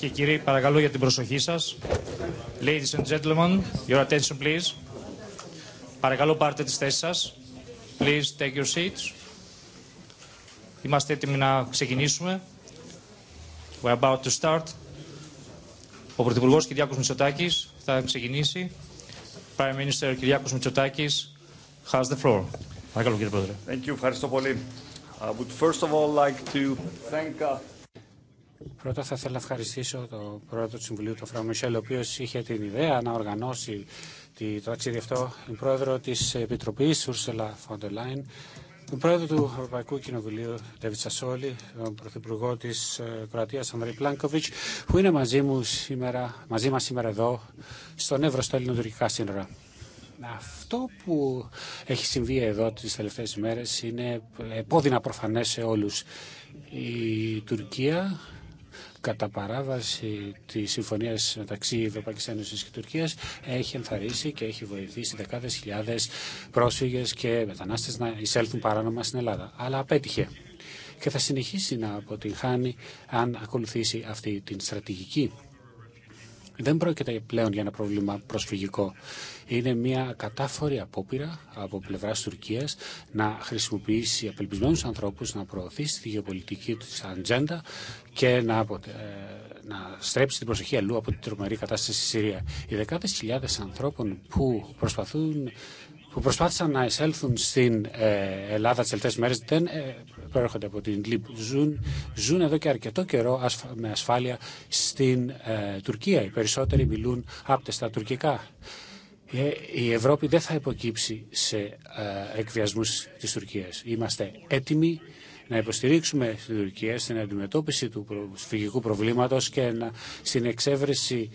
και κύριοι, παρακαλώ για την προσοχή σας. Ladies and gentlemen, your attention please. Παρακαλώ πάρτε τις θέσεις σας. Please take your seats. Είμαστε έτοιμοι να ξεκινήσουμε. We're about to start. Ο Πρωθυπουργός Κυριάκος Μητσοτάκης θα ξεκινήσει. Prime Minister Κυριάκος Μητσοτάκης has the floor. Παρακαλώ κύριε Πρόεδρε. Thank you. Ευχαριστώ πολύ. I would first of all like to thank uh... Πρώτα θα ήθελα να ευχαριστήσω τον πρόεδρο του Συμβουλίου, τον Φράου Μισελ, ο οποίο είχε την ιδέα να οργανώσει το ταξίδι αυτό, τον πρόεδρο τη Επιτροπή, Ούρσελα Φοντελάιν, τον πρόεδρο του Ευρωπαϊκού Κοινοβουλίου, Ντέβιτ Σασόλη, τον πρωθυπουργό τη ε, Κροατία, Ανδρέη Πλάνκοβιτ, που είναι μαζί, μου σήμερα, μαζί μας σήμερα εδώ, στον Εύρο, στα ελληνοτουρκικά σύνορα. Αυτό που έχει συμβεί εδώ τις τελευταίες μέρες είναι επώδυνα προφανές σε όλους. Η Τουρκία κατά παράβαση τη συμφωνία μεταξύ Ευρωπαϊκή Ένωση και Τουρκία έχει ενθαρρύσει και έχει βοηθήσει δεκάδε χιλιάδε πρόσφυγε και μετανάστε να εισέλθουν παράνομα στην Ελλάδα. Αλλά απέτυχε και θα συνεχίσει να αποτυγχάνει αν ακολουθήσει αυτή την στρατηγική. Δεν πρόκειται πλέον για ένα πρόβλημα προσφυγικό. Είναι μια κατάφορη απόπειρα από πλευρά Τουρκία να χρησιμοποιήσει απελπισμένου ανθρώπου να προωθήσει τη γεωπολιτική τη ατζέντα και να, ε, να στρέψει την προσοχή αλλού από την τρομερή κατάσταση στη Συρία. Οι δεκάδε χιλιάδε ανθρώπων που προσπαθούν που προσπάθησαν να εισέλθουν στην ε, Ελλάδα τις τελευταίε μέρες δεν ε, προέρχονται από την ΛΥΠ. Ζουν, εδώ και αρκετό καιρό με ασφάλεια στην ε, Τουρκία. Οι περισσότεροι μιλούν άπτεστα τουρκικά. Η Ευρώπη δεν θα υποκύψει σε εκβιασμού της Τουρκίας. Είμαστε έτοιμοι να υποστηρίξουμε την Τουρκία στην αντιμετώπιση του φυγικού προβλήματος και στην εξέβρεση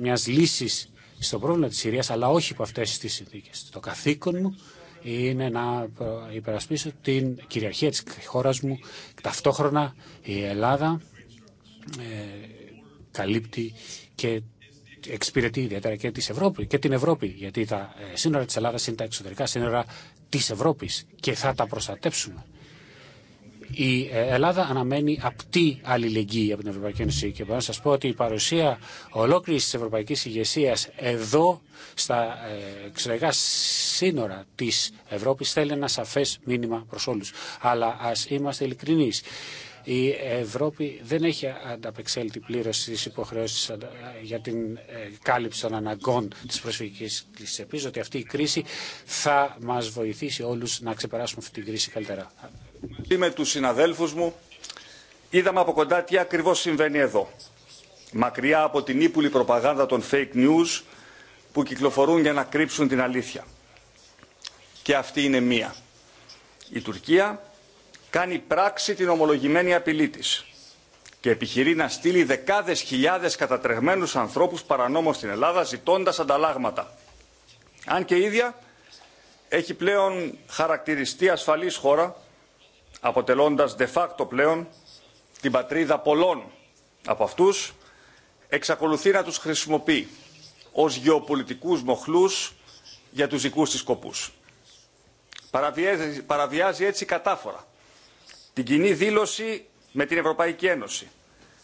μιας λύσης στο πρόβλημα της Συρίας, αλλά όχι από αυτές τις συνθήκες. Το καθήκον μου είναι να ε, υπερασπίσω την κυριαρχία της χώρας μου. Ταυτόχρονα η Ελλάδα ε, καλύπτει και εξυπηρετεί ιδιαίτερα και, της Ευρώπη, και την Ευρώπη, γιατί τα ε, σύνορα της Ελλάδας είναι τα εξωτερικά σύνορα της Ευρώπης και θα τα προστατέψουμε. Η ε, Ελλάδα αναμένει απτή αλληλεγγύη από την Ευρωπαϊκή Ένωση και μπορώ να σας πω ότι η παρουσία ολόκληρης της ευρωπαϊκής ηγεσία εδώ στα ε, εξωτερικά σύνορα της Ευρώπης θέλει ένα σαφές μήνυμα προς όλους. Αλλά ας είμαστε ειλικρινείς. Η Ευρώπη δεν έχει ανταπεξέλθει πλήρω στι υποχρεώσει για την ε, κάλυψη των αναγκών τη προσφυγική κλίση. Επίση, ότι αυτή η κρίση θα μα βοηθήσει όλου να ξεπεράσουμε αυτή την κρίση καλύτερα με τους συναδέλφους μου είδαμε από κοντά τι ακριβώς συμβαίνει εδώ. Μακριά από την ύπουλη προπαγάνδα των fake news που κυκλοφορούν για να κρύψουν την αλήθεια. Και αυτή είναι μία. Η Τουρκία κάνει πράξη την ομολογημένη απειλή της και επιχειρεί να στείλει δεκάδες χιλιάδες κατατρεγμένους ανθρώπους παρανόμως στην Ελλάδα ζητώντας ανταλλάγματα. Αν και ίδια έχει πλέον χαρακτηριστεί ασφαλής χώρα αποτελώντας de facto πλέον την πατρίδα πολλών από αυτούς, εξακολουθεί να τους χρησιμοποιεί ως γεωπολιτικούς μοχλούς για τους δικούς της σκοπούς. Παραβιάζει, παραβιάζει έτσι κατάφορα την κοινή δήλωση με την Ευρωπαϊκή Ένωση,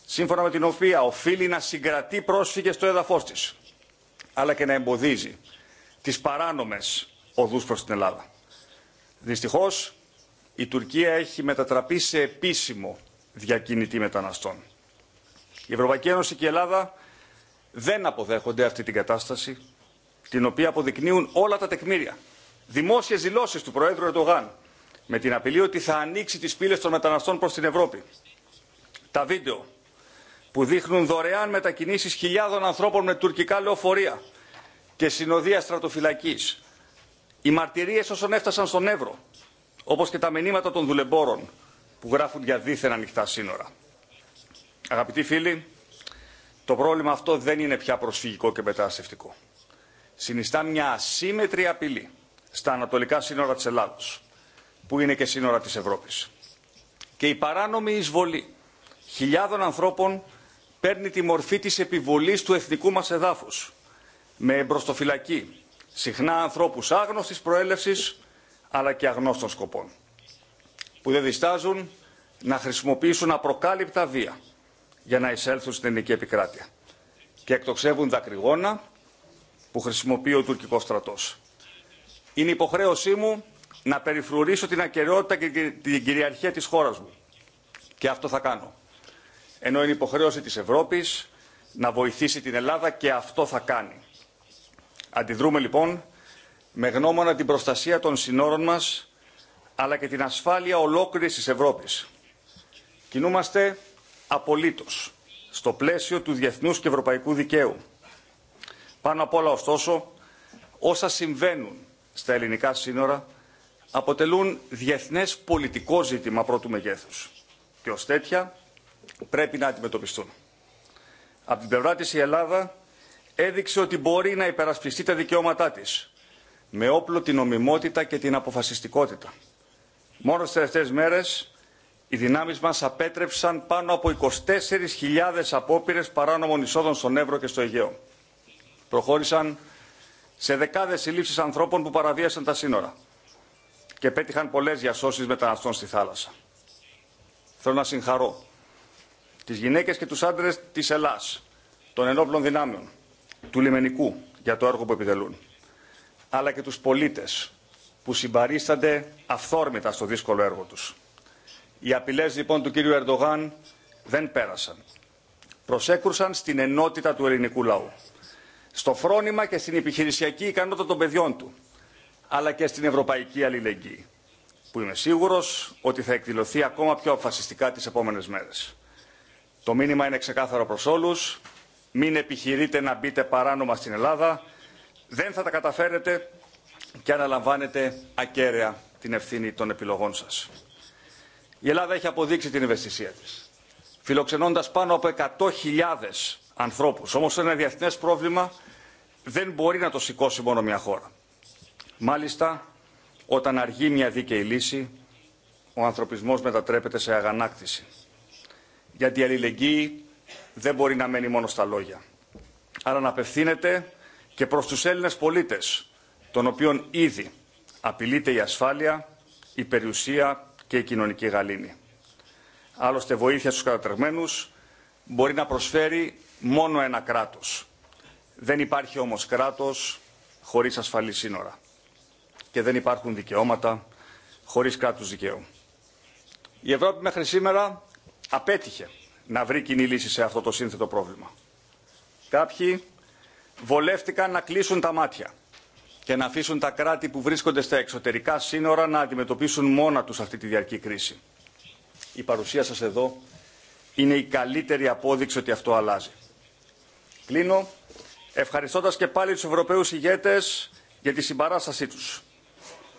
σύμφωνα με την οποία οφείλει να συγκρατεί πρόσφυγες στο έδαφος της, αλλά και να εμποδίζει τις παράνομες οδούς προς την Ελλάδα. Δυστυχώς, η Τουρκία έχει μετατραπεί σε επίσημο διακινητή μεταναστών. Η Ευρωπαϊκή Ένωση και η Ελλάδα δεν αποδέχονται αυτή την κατάσταση, την οποία αποδεικνύουν όλα τα τεκμήρια. δημόσιες δηλώσει του Προέδρου Ερντογάν με την απειλή ότι θα ανοίξει τις πύλες των μεταναστών προς την Ευρώπη. Τα βίντεο που δείχνουν δωρεάν μετακινήσει χιλιάδων ανθρώπων με τουρκικά λεωφορεία και συνοδεία στρατοφυλακή. Οι μαρτυρίες όσων έφτασαν στον Εύρο όπως και τα μηνύματα των δουλεμπόρων που γράφουν για δίθεν ανοιχτά σύνορα. Αγαπητοί φίλοι, το πρόβλημα αυτό δεν είναι πια προσφυγικό και μεταναστευτικό. Συνιστά μια ασύμετρη απειλή στα ανατολικά σύνορα της Ελλάδος, που είναι και σύνορα της Ευρώπης. Και η παράνομη εισβολή χιλιάδων ανθρώπων παίρνει τη μορφή της επιβολής του εθνικού μας εδάφους, με εμπροστοφυλακή συχνά ανθρώπους άγνωστης προέλευσης αλλά και αγνώστων σκοπών, που δεν διστάζουν να χρησιμοποιήσουν απροκάλυπτα βία για να εισέλθουν στην ελληνική επικράτεια και εκτοξεύουν δακρυγόνα που χρησιμοποιεί ο τουρκικό στρατός. Είναι υποχρέωσή μου να περιφρουρήσω την ακαιρεότητα και την κυριαρχία της χώρας μου. Και αυτό θα κάνω. Ενώ είναι υποχρέωση της Ευρώπης να βοηθήσει την Ελλάδα και αυτό θα κάνει. Αντιδρούμε λοιπόν με γνώμονα την προστασία των συνόρων μας, αλλά και την ασφάλεια ολόκληρης της Ευρώπης. Κινούμαστε απολύτως στο πλαίσιο του διεθνούς και ευρωπαϊκού δικαίου. Πάνω απ' όλα, ωστόσο, όσα συμβαίνουν στα ελληνικά σύνορα αποτελούν διεθνές πολιτικό ζήτημα πρώτου μεγέθους και ως τέτοια πρέπει να αντιμετωπιστούν. Από την πλευρά της η Ελλάδα έδειξε ότι μπορεί να υπερασπιστεί τα δικαιώματά της με όπλο την ομιμότητα και την αποφασιστικότητα. Μόνο στις τελευταίες μέρες οι δυνάμεις μας απέτρεψαν πάνω από 24.000 απόπειρες παράνομων εισόδων στον Εύρο και στο Αιγαίο. Προχώρησαν σε δεκάδες συλλήψεις ανθρώπων που παραβίασαν τα σύνορα και πέτυχαν πολλές διασώσεις μεταναστών στη θάλασσα. Θέλω να συγχαρώ τις γυναίκες και τους άντρες της Ελλάς, των ενόπλων δυνάμεων, του λιμενικού για το έργο που επιτελούν αλλά και τους πολίτες που συμπαρίστανται αυθόρμητα στο δύσκολο έργο τους. Οι απειλές λοιπόν του κύριου Ερντογάν δεν πέρασαν. Προσέκρουσαν στην ενότητα του ελληνικού λαού. Στο φρόνημα και στην επιχειρησιακή ικανότητα των παιδιών του. Αλλά και στην ευρωπαϊκή αλληλεγγύη. Που είμαι σίγουρος ότι θα εκδηλωθεί ακόμα πιο αποφασιστικά τις επόμενες μέρες. Το μήνυμα είναι ξεκάθαρο προς όλους. Μην επιχειρείτε να μπείτε παράνομα στην Ελλάδα δεν θα τα καταφέρετε και αναλαμβάνετε ακέραια την ευθύνη των επιλογών σας. Η Ελλάδα έχει αποδείξει την ευαισθησία της, φιλοξενώντας πάνω από 100.000 ανθρώπους. Όμως ένα διεθνές πρόβλημα δεν μπορεί να το σηκώσει μόνο μια χώρα. Μάλιστα, όταν αργεί μια δίκαιη λύση, ο ανθρωπισμός μετατρέπεται σε αγανάκτηση. Γιατί η αλληλεγγύη δεν μπορεί να μένει μόνο στα λόγια. Άρα να απευθύνεται και προς τους Έλληνες πολίτες, των οποίων ήδη απειλείται η ασφάλεια, η περιουσία και η κοινωνική γαλήνη. Άλλωστε, βοήθεια στους κατατρεγμένους μπορεί να προσφέρει μόνο ένα κράτος. Δεν υπάρχει όμως κράτος χωρίς ασφαλή σύνορα. Και δεν υπάρχουν δικαιώματα χωρίς κράτους δικαίου. Η Ευρώπη μέχρι σήμερα απέτυχε να βρει κοινή λύση σε αυτό το σύνθετο πρόβλημα. Κάποιοι βολεύτηκαν να κλείσουν τα μάτια και να αφήσουν τα κράτη που βρίσκονται στα εξωτερικά σύνορα να αντιμετωπίσουν μόνα τους αυτή τη διαρκή κρίση. Η παρουσία σας εδώ είναι η καλύτερη απόδειξη ότι αυτό αλλάζει. Κλείνω ευχαριστώντας και πάλι τους Ευρωπαίους ηγέτες για τη συμπαράστασή τους,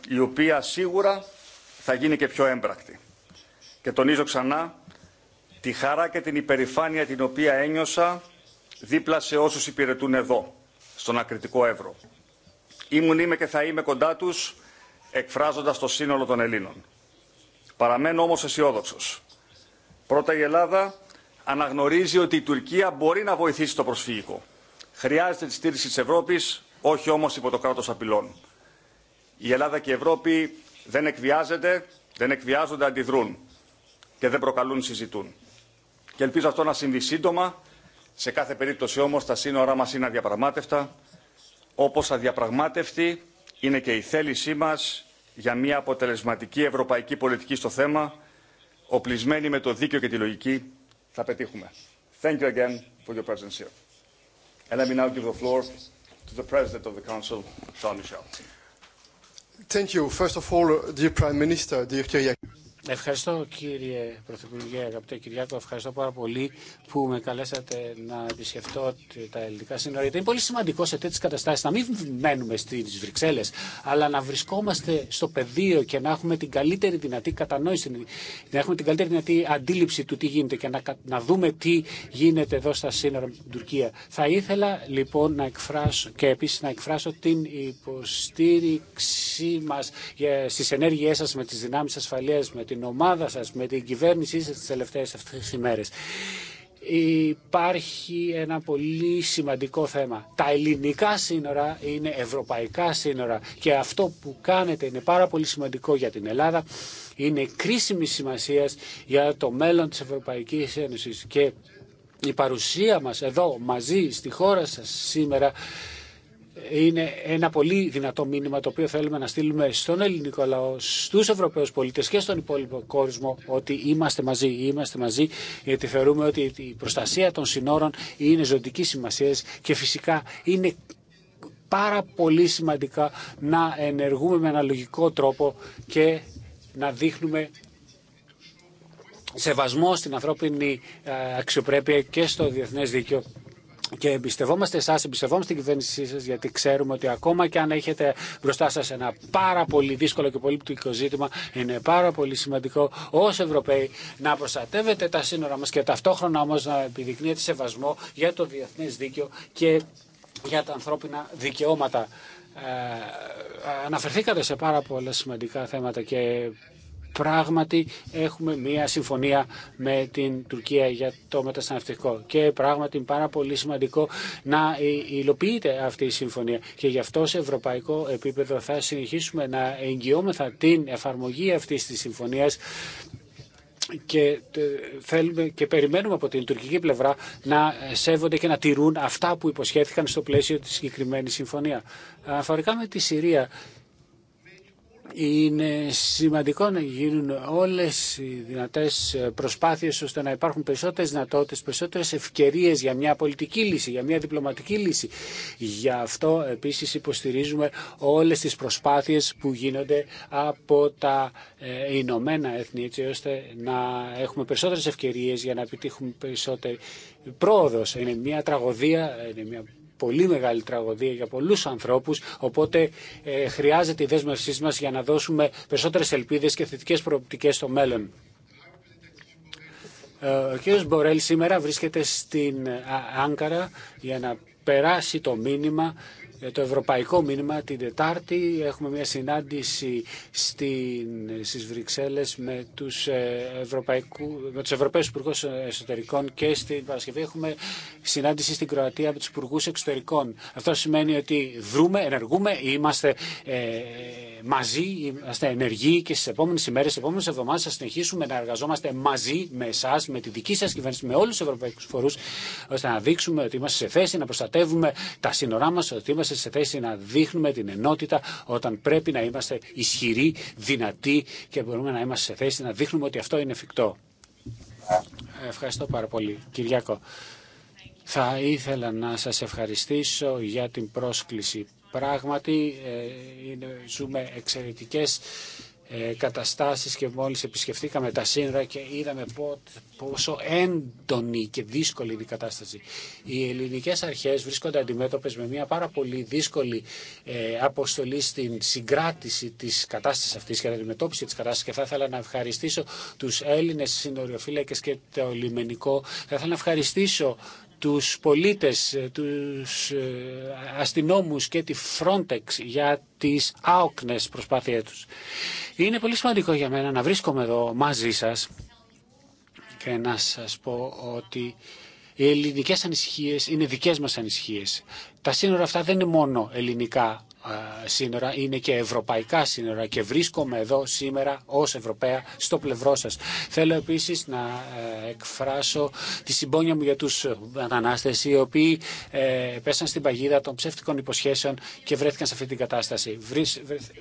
η οποία σίγουρα θα γίνει και πιο έμπρακτη. Και τονίζω ξανά τη χαρά και την υπερηφάνεια την οποία ένιωσα δίπλα σε όσους υπηρετούν εδώ, στον ακριτικό Εύρο. Ήμουν, είμαι και θα είμαι κοντά τους, εκφράζοντας το σύνολο των Ελλήνων. Παραμένω όμως αισιόδοξο. Πρώτα η Ελλάδα αναγνωρίζει ότι η Τουρκία μπορεί να βοηθήσει το προσφυγικό. Χρειάζεται τη στήριξη της Ευρώπης, όχι όμως υπό το κράτος απειλών. Η Ελλάδα και η Ευρώπη δεν εκβιάζεται, δεν εκβιάζονται, αντιδρούν και δεν προκαλούν, συζητούν. Και ελπίζω αυτό να συμβεί σύντομα σε κάθε περίπτωση όμως τα σύνορά μας είναι αδιαπραγμάτευτα, όπως αδιαπραγμάτευτη είναι και η θέλησή μας για μια αποτελεσματική ευρωπαϊκή πολιτική στο θέμα, οπλισμένη με το δίκαιο και τη λογική, θα πετύχουμε. Thank you again for your presence here. And let me now give the floor to the President of the Council, Charles Michel. Thank you. First of all, uh, dear Prime Minister, dear Ευχαριστώ κύριε Πρωθυπουργέ, αγαπητέ Κυριάκο, ευχαριστώ πάρα πολύ που με καλέσατε να επισκεφτώ τα ελληνικά σύνορα. Είναι πολύ σημαντικό σε τέτοιε καταστάσει να μην μένουμε στι Βρυξέλλε, αλλά να βρισκόμαστε στο πεδίο και να έχουμε την καλύτερη δυνατή κατανόηση, να έχουμε την καλύτερη δυνατή αντίληψη του τι γίνεται και να, να δούμε τι γίνεται εδώ στα σύνορα με την Τουρκία. Θα ήθελα λοιπόν να εκφράσω και επίση να εκφράσω την υποστήριξή μα στι ενέργειέ σα με τι δυνάμει ασφαλεία, με την ομάδα σας, με την κυβέρνησή σας τις τελευταίες αυτές τις ημέρες. Υπάρχει ένα πολύ σημαντικό θέμα. Τα ελληνικά σύνορα είναι ευρωπαϊκά σύνορα και αυτό που κάνετε είναι πάρα πολύ σημαντικό για την Ελλάδα. Είναι κρίσιμη σημασία για το μέλλον της Ευρωπαϊκής Ένωσης και η παρουσία μας εδώ μαζί στη χώρα σας σήμερα είναι ένα πολύ δυνατό μήνυμα το οποίο θέλουμε να στείλουμε στον ελληνικό λαό, στους Ευρωπαίους πολίτες και στον υπόλοιπο κόσμο ότι είμαστε μαζί, είμαστε μαζί γιατί θεωρούμε ότι η προστασία των συνόρων είναι ζωτική σημασία και φυσικά είναι πάρα πολύ σημαντικά να ενεργούμε με αναλογικό τρόπο και να δείχνουμε σεβασμό στην ανθρώπινη ε, αξιοπρέπεια και στο διεθνές δίκαιο και εμπιστευόμαστε εσά, εμπιστευόμαστε την κυβέρνησή σα, γιατί ξέρουμε ότι ακόμα και αν έχετε μπροστά σα ένα πάρα πολύ δύσκολο και πολύ πτυχικό ζήτημα, είναι πάρα πολύ σημαντικό ω Ευρωπαίοι να προστατεύετε τα σύνορα μα και ταυτόχρονα όμω να επιδεικνύετε σεβασμό για το διεθνέ δίκαιο και για τα ανθρώπινα δικαιώματα. Ε, αναφερθήκατε σε πάρα πολλά σημαντικά θέματα και πράγματι έχουμε μία συμφωνία με την Τουρκία για το μεταστανευτικό. Και πράγματι είναι πάρα πολύ σημαντικό να υλοποιείται αυτή η συμφωνία. Και γι' αυτό σε ευρωπαϊκό επίπεδο θα συνεχίσουμε να εγγυόμεθα την εφαρμογή αυτής της συμφωνίας και ε, θέλουμε και περιμένουμε από την τουρκική πλευρά να ε, σέβονται και να τηρούν αυτά που υποσχέθηκαν στο πλαίσιο της συγκεκριμένη συμφωνία. Αφορικά με τη Συρία, είναι σημαντικό να γίνουν όλες οι δυνατές προσπάθειες ώστε να υπάρχουν περισσότερες δυνατότητες, περισσότερες ευκαιρίες για μια πολιτική λύση, για μια διπλωματική λύση. Γι' αυτό επίσης υποστηρίζουμε όλες τις προσπάθειες που γίνονται από τα ε, Ηνωμένα Έθνη έτσι ώστε να έχουμε περισσότερες ευκαιρίες για να επιτύχουμε περισσότερη πρόοδος. Είναι μια τραγωδία, είναι μια πολύ μεγάλη τραγωδία για πολλούς ανθρώπους, οπότε ε, χρειάζεται η δέσμευσή μας για να δώσουμε περισσότερες ελπίδες και θετικές προοπτικές στο μέλλον. Ε, ο κ. Μπορέλ σήμερα βρίσκεται στην Άγκαρα για να περάσει το μήνυμα ε, το ευρωπαϊκό μήνυμα. Την Τετάρτη έχουμε μια συνάντηση στην, στις Βρυξέλλες με τους, ε, ευρωπαϊκού, με τους Ευρωπαίους Υπουργούς Εσωτερικών και στην Παρασκευή έχουμε συνάντηση στην Κροατία με τους Υπουργού Εξωτερικών. Αυτό σημαίνει ότι δρούμε, ενεργούμε, είμαστε ε, μαζί, είμαστε ενεργοί και στις επόμενες ημέρες, στις επόμενες εβδομάδες θα συνεχίσουμε να εργαζόμαστε μαζί με εσά, με τη δική σας κυβέρνηση, με όλους τους ευρωπαϊκούς φορούς, ώστε να δείξουμε ότι είμαστε σε θέση να προστατεύουμε τα σύνορά μας, ότι είμαστε είμαστε σε θέση να δείχνουμε την ενότητα όταν πρέπει να είμαστε ισχυροί, δυνατοί και μπορούμε να είμαστε σε θέση να δείχνουμε ότι αυτό είναι εφικτό. Ευχαριστώ πάρα πολύ. Κυριακό, θα ήθελα να σας ευχαριστήσω για την πρόσκληση. Πράγματι, ε, ζούμε εξαιρετικές ε, καταστάσεις και μόλις επισκεφτήκαμε τα σύνορα και είδαμε πόσο έντονη και δύσκολη είναι η κατάσταση. Οι ελληνικές αρχές βρίσκονται αντιμέτωπες με μια πάρα πολύ δύσκολη ε, αποστολή στην συγκράτηση της κατάστασης αυτής και την αντιμετώπιση της κατάστασης και θα ήθελα να ευχαριστήσω τους Έλληνες συνοριοφύλακες και το λιμενικό. Θα ήθελα να ευχαριστήσω τους πολίτες, ε, τους ε, αστυνόμους και τη Frontex για τις άοκνες προσπάθειές τους. Είναι πολύ σημαντικό για μένα να βρίσκομαι εδώ μαζί σας και να σας πω ότι οι ελληνικές ανησυχίες είναι δικές μας ανησυχίες. Τα σύνορα αυτά δεν είναι μόνο ελληνικά ε, σύνορα είναι και ευρωπαϊκά σύνορα και βρίσκομαι εδώ σήμερα ως Ευρωπαία στο πλευρό σας. Θέλω επίσης να ε, εκφράσω τη συμπόνια μου για τους μετανάστες οι οποίοι ε, πέσαν στην παγίδα των ψεύτικων υποσχέσεων και βρέθηκαν σε αυτή την κατάσταση.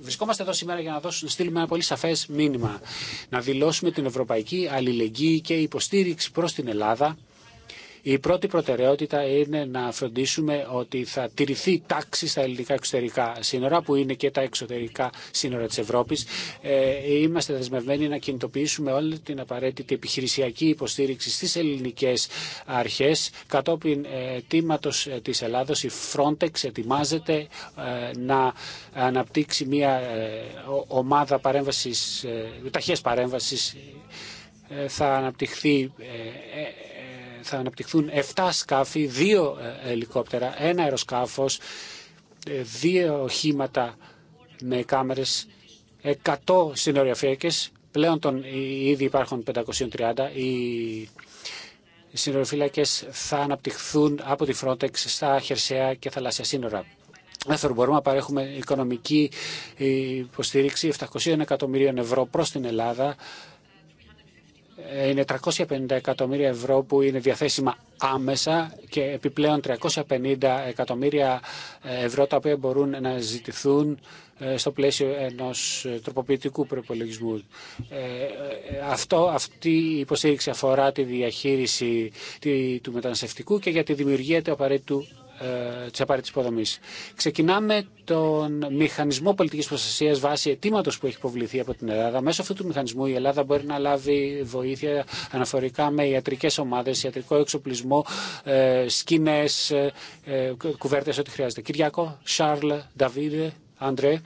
Βρισκόμαστε εδώ σήμερα για να δώσουν, στείλουμε ένα πολύ σαφές μήνυμα. Να δηλώσουμε την ευρωπαϊκή αλληλεγγύη και υποστήριξη προς την Ελλάδα η πρώτη προτεραιότητα είναι να φροντίσουμε ότι θα τηρηθεί τάξη στα ελληνικά εξωτερικά σύνορα, που είναι και τα εξωτερικά σύνορα τη Ευρώπη. Ε, είμαστε δεσμευμένοι να κινητοποιήσουμε όλη την απαραίτητη επιχειρησιακή υποστήριξη στι ελληνικέ αρχέ. Κατόπιν ε, αιτήματο ε, τη Ελλάδο, η Frontex ετοιμάζεται να αναπτύξει μια ομάδα παρέμβασης, παρέμβαση. παρέμβασης θα αναπτυχθεί θα αναπτυχθούν 7 σκάφη, 2 ε, ελικόπτερα, 1 αεροσκάφος, 2 ε, οχήματα με κάμερες, 100 συνοριοφύλακες, πλέον των ε, ήδη υπάρχουν 530. Οι συνοριοφύλακες θα αναπτυχθούν από τη Frontex στα χερσαία και θαλάσσια σύνορα. Δεύτερον, μπορούμε να παρέχουμε οικονομική υποστήριξη 700 εκατομμυρίων ευρώ προς την Ελλάδα ε, είναι 350 εκατομμύρια ευρώ που είναι διαθέσιμα άμεσα και επιπλέον 350 εκατομμύρια ε, ευρώ τα οποία μπορούν να ζητηθούν ε, στο πλαίσιο ενός τροποποιητικού προπολογισμού. αυτό, αυτή η υποστήριξη αφορά τη διαχείριση του μεταναστευτικού και για τη δημιουργία του απαραίτητου ε, Τη απαραίτητη υποδομή. Ξεκινάμε τον μηχανισμό πολιτικής προστασία βάσει αιτήματο που έχει υποβληθεί από την Ελλάδα. Μέσω αυτού του μηχανισμού η Ελλάδα μπορεί να λάβει βοήθεια αναφορικά με ιατρικές ομάδες, ιατρικό εξοπλισμό, ε, σκηνές, ε, κουβέρτες, ό,τι χρειάζεται. Κυριακό, Σάρλ, Νταβίδε, Αντρέ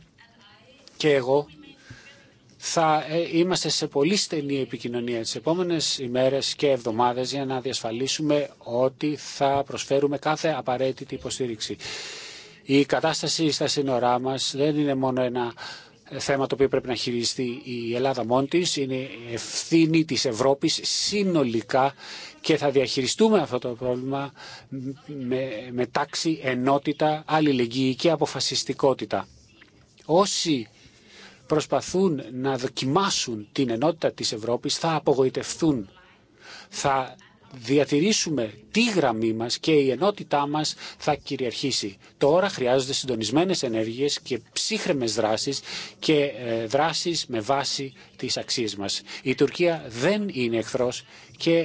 και εγώ θα ε, είμαστε σε πολύ στενή επικοινωνία τις επόμενες ημέρες και εβδομάδες για να διασφαλίσουμε ότι θα προσφέρουμε κάθε απαραίτητη υποστήριξη. Η κατάσταση στα σύνορά μας δεν είναι μόνο ένα θέμα το οποίο πρέπει να χειριστεί η Ελλάδα μόνη της, είναι ευθύνη της Ευρώπης συνολικά και θα διαχειριστούμε αυτό το πρόβλημα με, με τάξη, ενότητα, αλληλεγγύη και αποφασιστικότητα. Όσοι προσπαθούν να δοκιμάσουν την ενότητα της Ευρώπης θα απογοητευθούν. Θα διατηρήσουμε τη γραμμή μας και η ενότητά μας θα κυριαρχήσει. Τώρα χρειάζονται συντονισμένες ενέργειες και ψύχρεμες δράσεις και ε, δράσεις με βάση τις αξίες μας. Η Τουρκία δεν είναι εχθρός και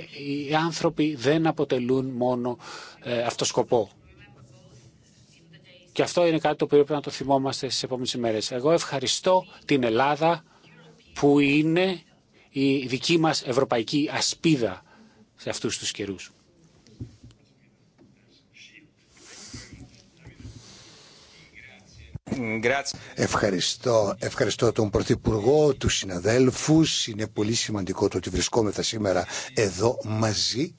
οι άνθρωποι δεν αποτελούν μόνο ε, αυτό σκοπό. Και αυτό είναι κάτι το οποίο πρέπει να το θυμόμαστε στις επόμενες ημέρες. Εγώ ευχαριστώ την Ελλάδα που είναι η δική μας ευρωπαϊκή ασπίδα σε αυτούς τους καιρούς. Ευχαριστώ, ευχαριστώ τον Πρωθυπουργό, τους συναδέλφους. Είναι πολύ σημαντικό το ότι βρισκόμεθα σήμερα εδώ μαζί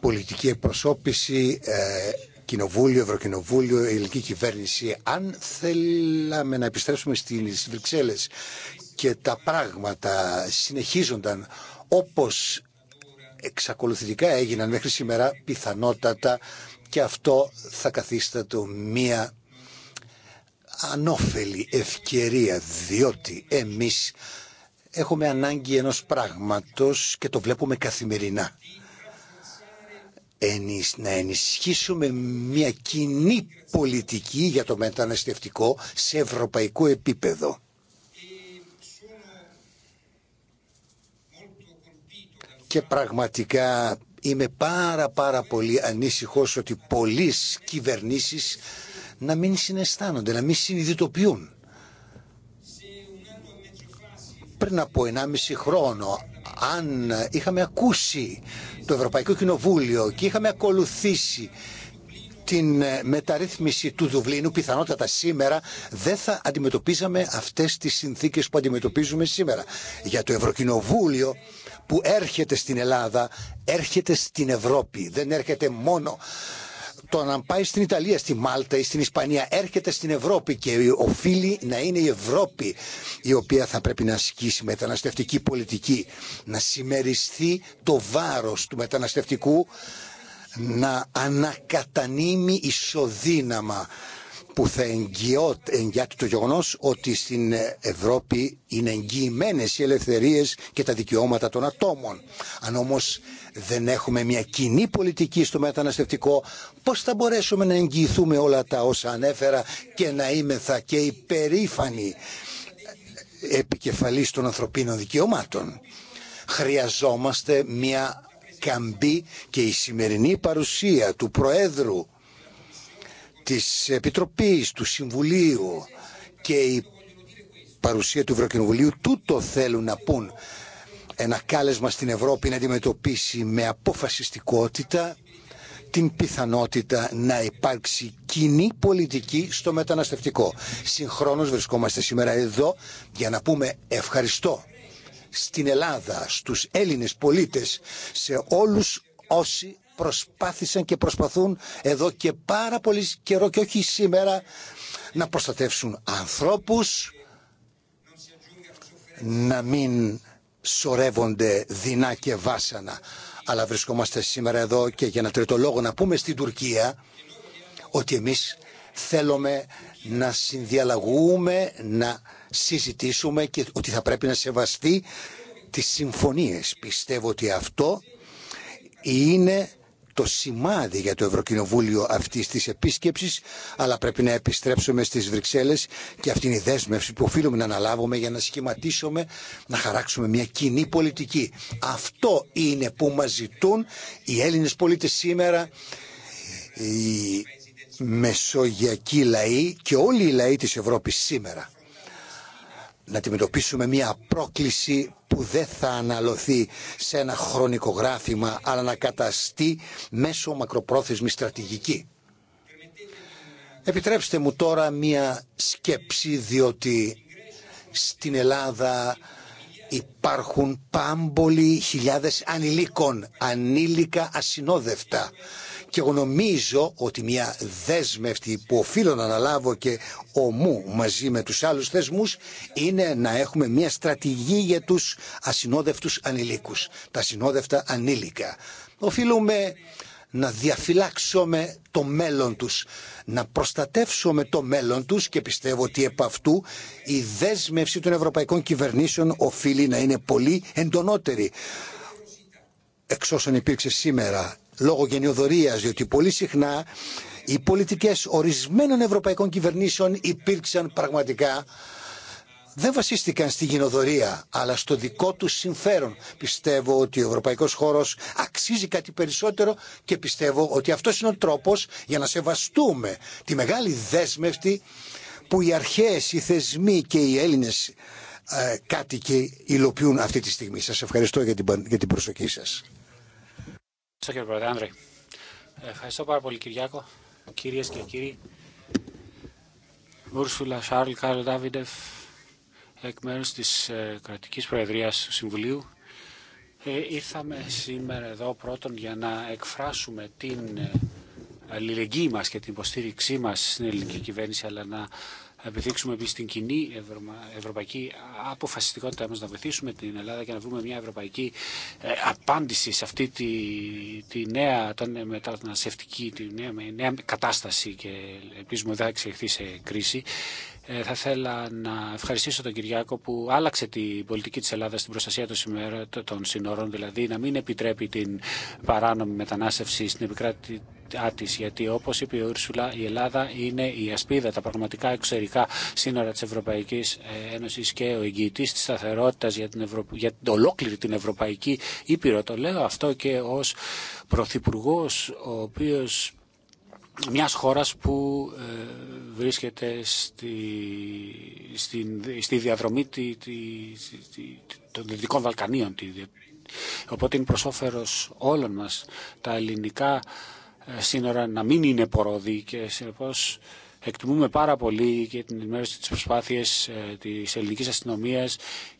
πολιτική εκπροσώπηση, ε, κοινοβούλιο, ευρωκοινοβούλιο, ελληνική κυβέρνηση. Αν θέλαμε να επιστρέψουμε στις Βρυξέλλες και τα πράγματα συνεχίζονταν όπως εξακολουθητικά έγιναν μέχρι σήμερα, πιθανότατα και αυτό θα καθίστατο μία ανώφελη ευκαιρία, διότι εμείς έχουμε ανάγκη ενός πράγματος και το βλέπουμε καθημερινά να ενισχύσουμε μια κοινή πολιτική για το μεταναστευτικό σε ευρωπαϊκό επίπεδο. Και πραγματικά είμαι πάρα πάρα πολύ ανήσυχος ότι πολλοί κυβερνήσεις να μην συναισθάνονται, να μην συνειδητοποιούν πριν από 1,5 χρόνο αν είχαμε ακούσει το Ευρωπαϊκό Κοινοβούλιο και είχαμε ακολουθήσει την ε, μεταρρύθμιση του Δουβλίνου, πιθανότατα σήμερα, δεν θα αντιμετωπίζαμε αυτές τις συνθήκες που αντιμετωπίζουμε σήμερα. Για το Ευρωκοινοβούλιο που έρχεται στην Ελλάδα, έρχεται στην Ευρώπη, δεν έρχεται μόνο το να πάει στην Ιταλία, στη Μάλτα ή στην Ισπανία έρχεται στην Ευρώπη και οφείλει να είναι η Ευρώπη η οποία θα πρέπει να ασκήσει μεταναστευτική πολιτική, να συμμεριστεί το βάρος του μεταναστευτικού, να ανακατανείμει ισοδύναμα που θα εγγυάται το γεγονός ότι στην Ευρώπη είναι εγγυημένε οι ελευθερίες και τα δικαιώματα των ατόμων. Αν όμως δεν έχουμε μια κοινή πολιτική στο μεταναστευτικό, πώς θα μπορέσουμε να εγγυηθούμε όλα τα όσα ανέφερα και να είμεθα και υπερήφανοι επικεφαλής των ανθρωπίνων δικαιωμάτων. Χρειαζόμαστε μια καμπή και η σημερινή παρουσία του Προέδρου της Επιτροπής, του Συμβουλίου και η παρουσία του Ευρωκοινοβουλίου τούτο θέλουν να πούν ένα κάλεσμα στην Ευρώπη να αντιμετωπίσει με αποφασιστικότητα την πιθανότητα να υπάρξει κοινή πολιτική στο μεταναστευτικό. Συγχρόνως βρισκόμαστε σήμερα εδώ για να πούμε ευχαριστώ στην Ελλάδα, στους Έλληνες πολίτες, σε όλους όσοι προσπάθησαν και προσπαθούν εδώ και πάρα πολύ καιρό και όχι σήμερα να προστατεύσουν ανθρώπους, να μην σορεύονται δεινά και βάσανα. Αλλά βρισκόμαστε σήμερα εδώ και για ένα τρίτο λόγο να πούμε στην Τουρκία ότι εμείς θέλουμε να συνδιαλλαγούμε, να συζητήσουμε και ότι θα πρέπει να σεβαστεί τις συμφωνίες. Πιστεύω ότι αυτό είναι το σημάδι για το Ευρωκοινοβούλιο αυτής της επίσκεψης, αλλά πρέπει να επιστρέψουμε στις Βρυξέλλες και αυτή είναι η δέσμευση που οφείλουμε να αναλάβουμε για να σχηματίσουμε, να χαράξουμε μια κοινή πολιτική. Αυτό είναι που μας ζητούν οι Έλληνες πολίτες σήμερα, οι μεσογειακοί λαοί και όλοι οι λαοί της Ευρώπης σήμερα να αντιμετωπίσουμε μια πρόκληση που δεν θα αναλωθεί σε ένα χρονικό γράφημα, αλλά να καταστεί μέσω μακροπρόθεσμη στρατηγική. Επιτρέψτε μου τώρα μια σκέψη, διότι στην Ελλάδα υπάρχουν πάμπολοι χιλιάδες ανηλίκων, ανήλικα ασυνόδευτα και εγώ νομίζω ότι μια δέσμευτη που οφείλω να αναλάβω και ομού μαζί με τους άλλους θεσμούς είναι να έχουμε μια στρατηγή για τους ασυνόδευτους ανηλίκους, τα συνόδευτα ανήλικα. Οφείλουμε να διαφυλάξουμε το μέλλον τους, να προστατεύσουμε το μέλλον τους και πιστεύω ότι επ' αυτού η δέσμευση των ευρωπαϊκών κυβερνήσεων οφείλει να είναι πολύ εντονότερη εξ όσων υπήρξε σήμερα λόγω γενιοδορίας, διότι πολύ συχνά οι πολιτικές ορισμένων ευρωπαϊκών κυβερνήσεων υπήρξαν πραγματικά δεν βασίστηκαν στη γενοδορία, αλλά στο δικό του συμφέρον. Πιστεύω ότι ο ευρωπαϊκό χώρο αξίζει κάτι περισσότερο και πιστεύω ότι αυτό είναι ο τρόπο για να σεβαστούμε τη μεγάλη δέσμευτη που οι αρχέ, οι θεσμοί και οι Έλληνε ε, κάτοικοι υλοποιούν αυτή τη στιγμή. Σα ευχαριστώ για την, για την προσοχή σα. Ευχαριστώ κύριε Πρωτάνδρη. Ευχαριστώ πάρα πολύ Κυριάκο. Κυρίες και κύριοι, Ούρσουλα Σάρλ Κάρλ Ντάβιντεφ, εκ μέρους της ε, Κρατικής Προεδρίας του Συμβουλίου, ε, ήρθαμε σήμερα εδώ πρώτον για να εκφράσουμε την ε, αλληλεγγύη μας και την υποστήριξή μας στην ελληνική κυβέρνηση, αλλά να να επίση την κοινή ευρωπαϊκή αποφασιστικότητά μα να βοηθήσουμε την Ελλάδα και να βρούμε μια ευρωπαϊκή ε, απάντηση σε αυτή τη, τη νέα μεταναστευτική, τη νέα, νέα κατάσταση και ελπίζουμε δεν θα εξελιχθεί σε κρίση. Ε, θα ήθελα να ευχαριστήσω τον Κυριάκο που άλλαξε την πολιτική της Ελλάδας στην προστασία των, σημερα, των σύνορων, δηλαδή να μην επιτρέπει την παράνομη μετανάστευση στην επικράτητά της, γιατί όπως είπε η Ούρσουλα η Ελλάδα είναι η ασπίδα, τα πραγματικά εξωτερικά σύνορα της Ευρωπαϊκής ε, Ένωσης και ο εγγυητής της σταθερότητας για την, Ευρω... για ολόκληρη την Ευρωπαϊκή Ήπειρο. Το λέω αυτό και ως Πρωθυπουργό, ο οποίος μιας χώρας που ε, βρίσκεται στη, στη, διαδρομή τη, τη, τη, των Δυτικών Βαλκανίων. Οπότε είναι προσόφερος όλων μας τα ελληνικά ε, σύνορα να μην είναι ποροδί και συνεπώς εκτιμούμε πάρα πολύ και την ενημέρωση της προσπάθειας ε, της ελληνικής αστυνομίας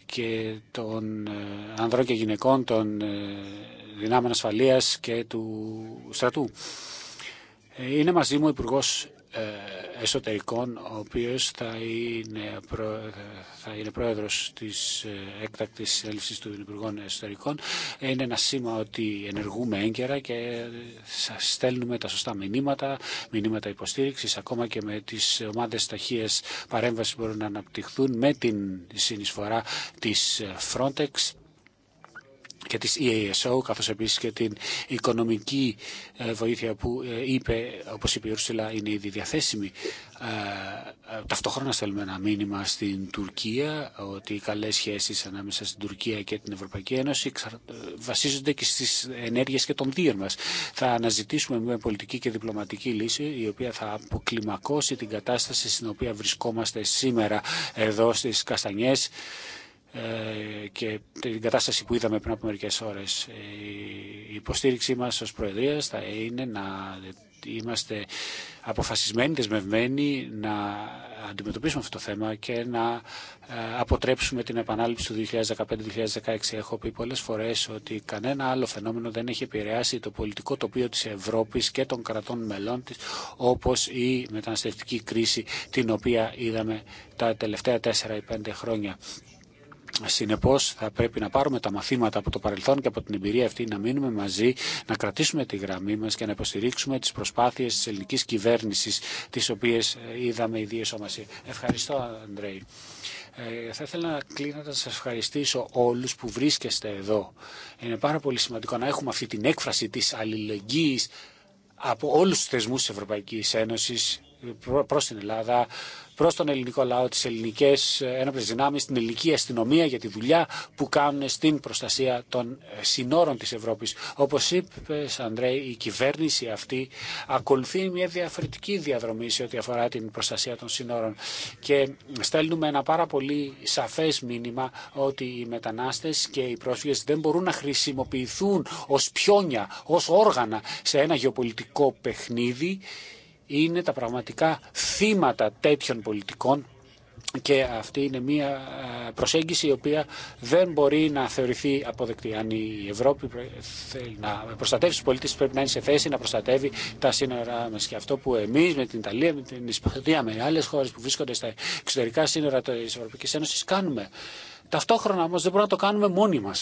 και των ανδρών και γυναικών, των δυνάμεων ασφαλείας και του στρατού. Είναι μαζί μου ο Υπουργό ε, Εσωτερικών, ο οποίος θα είναι, θα είναι πρόεδρος της ε, έκτακτης έλευση του Υπουργών Εσωτερικών. Είναι ένα σήμα ότι ενεργούμε έγκαιρα και στέλνουμε τα σωστά μηνύματα, μηνύματα υποστήριξης, ακόμα και με τις ομάδες ταχεία παρέμβαση που μπορούν να αναπτυχθούν με την συνεισφορά της ε, Frontex και της EASO, καθώς επίσης και την οικονομική ε, βοήθεια που ε, είπε, όπως είπε η Ρούσιλα είναι ήδη διαθέσιμη. Ε, ταυτόχρονα στέλνουμε ένα μήνυμα στην Τουρκία ότι οι καλές σχέσεις ανάμεσα στην Τουρκία και την Ευρωπαϊκή Ένωση βασίζονται και στις ενέργειες και των δύο μας. Θα αναζητήσουμε μια πολιτική και διπλωματική λύση η οποία θα αποκλιμακώσει την κατάσταση στην οποία βρισκόμαστε σήμερα εδώ στις Καστανιές ε, και την κατάσταση που είδαμε πριν από μερικές ώρες. Ε, η υποστήριξή μας ως Προεδρίας θα είναι να είμαστε αποφασισμένοι, δεσμευμένοι να αντιμετωπίσουμε αυτό το θέμα και να ε, αποτρέψουμε την επανάληψη του 2015-2016. Έχω πει πολλές φορές ότι κανένα άλλο φαινόμενο δεν έχει επηρεάσει το πολιτικό τοπίο της Ευρώπης και των κρατών μελών της, όπως η μεταναστευτική κρίση την οποία είδαμε τα τελευταία 4 ή 5 χρόνια. Συνεπώ, θα πρέπει να πάρουμε τα μαθήματα από το παρελθόν και από την εμπειρία αυτή, να μείνουμε μαζί, να κρατήσουμε τη γραμμή μα και να υποστηρίξουμε τι προσπάθειε τη ελληνική κυβέρνηση, τι οποίε ε, είδαμε δύο όμαση. Ευχαριστώ, Αντρέη. Ε, θα ήθελα να κλείνω να σας ευχαριστήσω όλου που βρίσκεστε εδώ. Είναι πάρα πολύ σημαντικό να έχουμε αυτή την έκφραση τη αλληλεγγύη από όλου του θεσμού τη Ευρωπαϊκή Ένωση προ την Ελλάδα, προ τον ελληνικό λαό, τι ελληνικέ ένοπλε δυνάμει, την ελληνική αστυνομία για τη δουλειά που κάνουν στην προστασία των ε, συνόρων τη Ευρώπη. Όπω είπε, Αντρέ, η κυβέρνηση αυτή ακολουθεί μια διαφορετική διαδρομή σε ό,τι αφορά την προστασία των συνόρων. Και στέλνουμε ένα πάρα πολύ σαφέ μήνυμα ότι οι μετανάστε και οι πρόσφυγε δεν μπορούν να χρησιμοποιηθούν ω πιόνια, ω όργανα σε ένα γεωπολιτικό παιχνίδι είναι τα πραγματικά θύματα τέτοιων πολιτικών και αυτή είναι μια ε, προσέγγιση η οποία δεν μπορεί να θεωρηθεί αποδεκτή. Αν η Ευρώπη θέλει να προστατεύσει του πολίτε, πρέπει να είναι σε θέση να προστατεύει τα σύνορά μα. Και αυτό που εμεί με την Ιταλία, με την Ισπανία, με άλλε χώρε που βρίσκονται στα εξωτερικά σύνορα τη Ευρωπαϊκή Ένωση κάνουμε. Ταυτόχρονα όμω δεν μπορούμε να το κάνουμε μόνοι μα.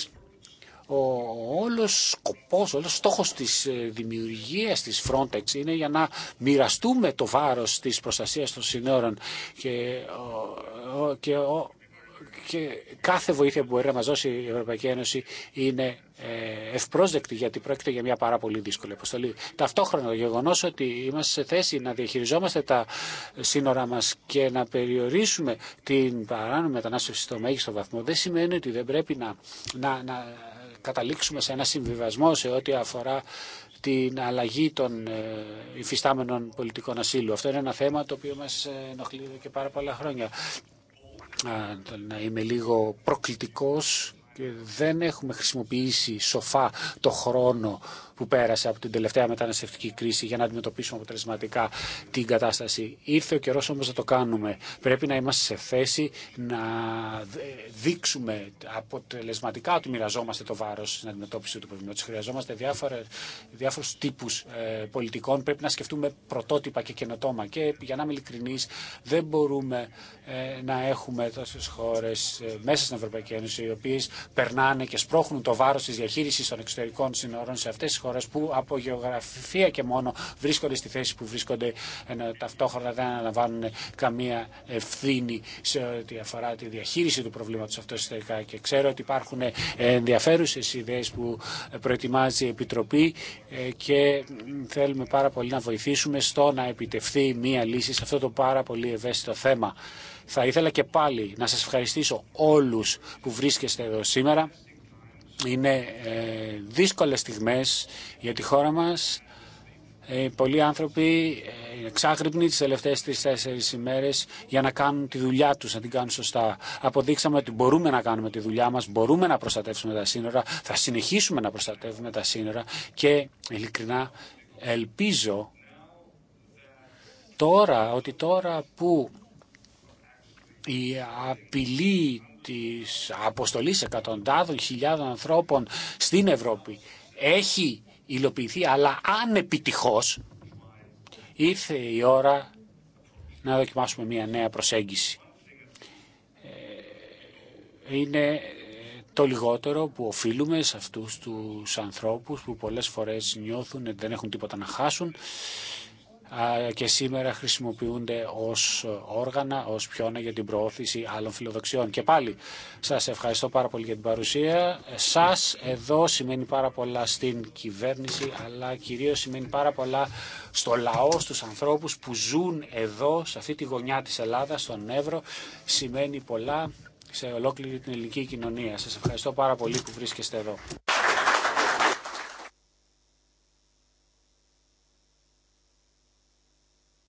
Ο όλος σκοπός, όλος στόχος της ε, δημιουργίας της Frontex είναι για να μοιραστούμε το βάρος της προστασίας των συνόρων και, και, και κάθε βοήθεια που μπορεί να μας δώσει η Ευρωπαϊκή Ένωση είναι ε, ευπρόσδεκτη γιατί πρόκειται για μια πάρα πολύ δύσκολη αποστολή. Ταυτόχρονα το γεγονό ότι είμαστε σε θέση να διαχειριζόμαστε τα σύνορα μα και να περιορίσουμε την παράνομη μετανάστευση στο μέγιστο βαθμό δεν σημαίνει ότι δεν πρέπει να, να, να καταλήξουμε σε ένα συμβιβασμό σε ό,τι αφορά την αλλαγή των ε, υφιστάμενων πολιτικών ασύλου. Αυτό είναι ένα θέμα το οποίο μας ε, ενοχλεί εδώ και πάρα πολλά χρόνια. Να είμαι λίγο προκλητικός και δεν έχουμε χρησιμοποιήσει σοφά το χρόνο που πέρασε από την τελευταία μεταναστευτική κρίση για να αντιμετωπίσουμε αποτελεσματικά την κατάσταση. Ήρθε ο καιρό όμω να το κάνουμε. Πρέπει να είμαστε σε θέση να δείξουμε αποτελεσματικά ότι μοιραζόμαστε το βάρο, στην αντιμετώπιση του προβλήματο. Χρειαζόμαστε διάφορου τύπου τύπους ε, πολιτικών. Πρέπει να σκεφτούμε πρωτότυπα και καινοτόμα. Και για να είμαι ειλικρινή, δεν μπορούμε ε, να έχουμε τόσες χώρες ε, μέσα στην Ευρωπαϊκή Ένωση, οι οποίε περνάνε και σπρώχνουν το βάρο τη διαχείριση των εξωτερικών συνόρων σε αυτέ τι χώρε που από γεωγραφία και μόνο βρίσκονται στη θέση που βρίσκονται ενώ ταυτόχρονα δεν αναλαμβάνουν καμία ευθύνη σε ό,τι αφορά τη διαχείριση του προβλήματος αυτό ιστορικά και ξέρω ότι υπάρχουν ενδιαφέρουσες ιδέες που προετοιμάζει η Επιτροπή ε, και θέλουμε πάρα πολύ να βοηθήσουμε στο να επιτευχθεί μία λύση σε αυτό το πάρα πολύ ευαίσθητο θέμα. Θα ήθελα και πάλι να σας ευχαριστήσω όλους που βρίσκεστε εδώ σήμερα είναι ε, δύσκολες στιγμές για τη χώρα μας. Ε, πολλοί άνθρωποι ε, εξάγρυπνοι τις τελευταίες τρεις-τέσσερις ημέρες για να κάνουν τη δουλειά τους, να την κάνουν σωστά. Αποδείξαμε ότι μπορούμε να κάνουμε τη δουλειά μας, μπορούμε να προστατεύσουμε τα σύνορα, θα συνεχίσουμε να προστατεύουμε τα σύνορα και ειλικρινά ελπίζω τώρα, ότι τώρα που η απειλή της αποστολής εκατοντάδων χιλιάδων ανθρώπων στην Ευρώπη έχει υλοποιηθεί, αλλά αν επιτυχώς ήρθε η ώρα να δοκιμάσουμε μια νέα προσέγγιση. Ε, είναι το λιγότερο που οφείλουμε σε αυτούς τους ανθρώπους που πολλές φορές νιώθουν ότι δεν έχουν τίποτα να χάσουν και σήμερα χρησιμοποιούνται ως όργανα, ως πιόνα για την προώθηση άλλων φιλοδοξιών. Και πάλι σας ευχαριστώ πάρα πολύ για την παρουσία. Σας εδώ σημαίνει πάρα πολλά στην κυβέρνηση, αλλά κυρίως σημαίνει πάρα πολλά στο λαό, στους ανθρώπους που ζουν εδώ, σε αυτή τη γωνιά της Ελλάδας, στον Εύρο. Σημαίνει πολλά σε ολόκληρη την ελληνική κοινωνία. Σας ευχαριστώ πάρα πολύ που βρίσκεστε εδώ.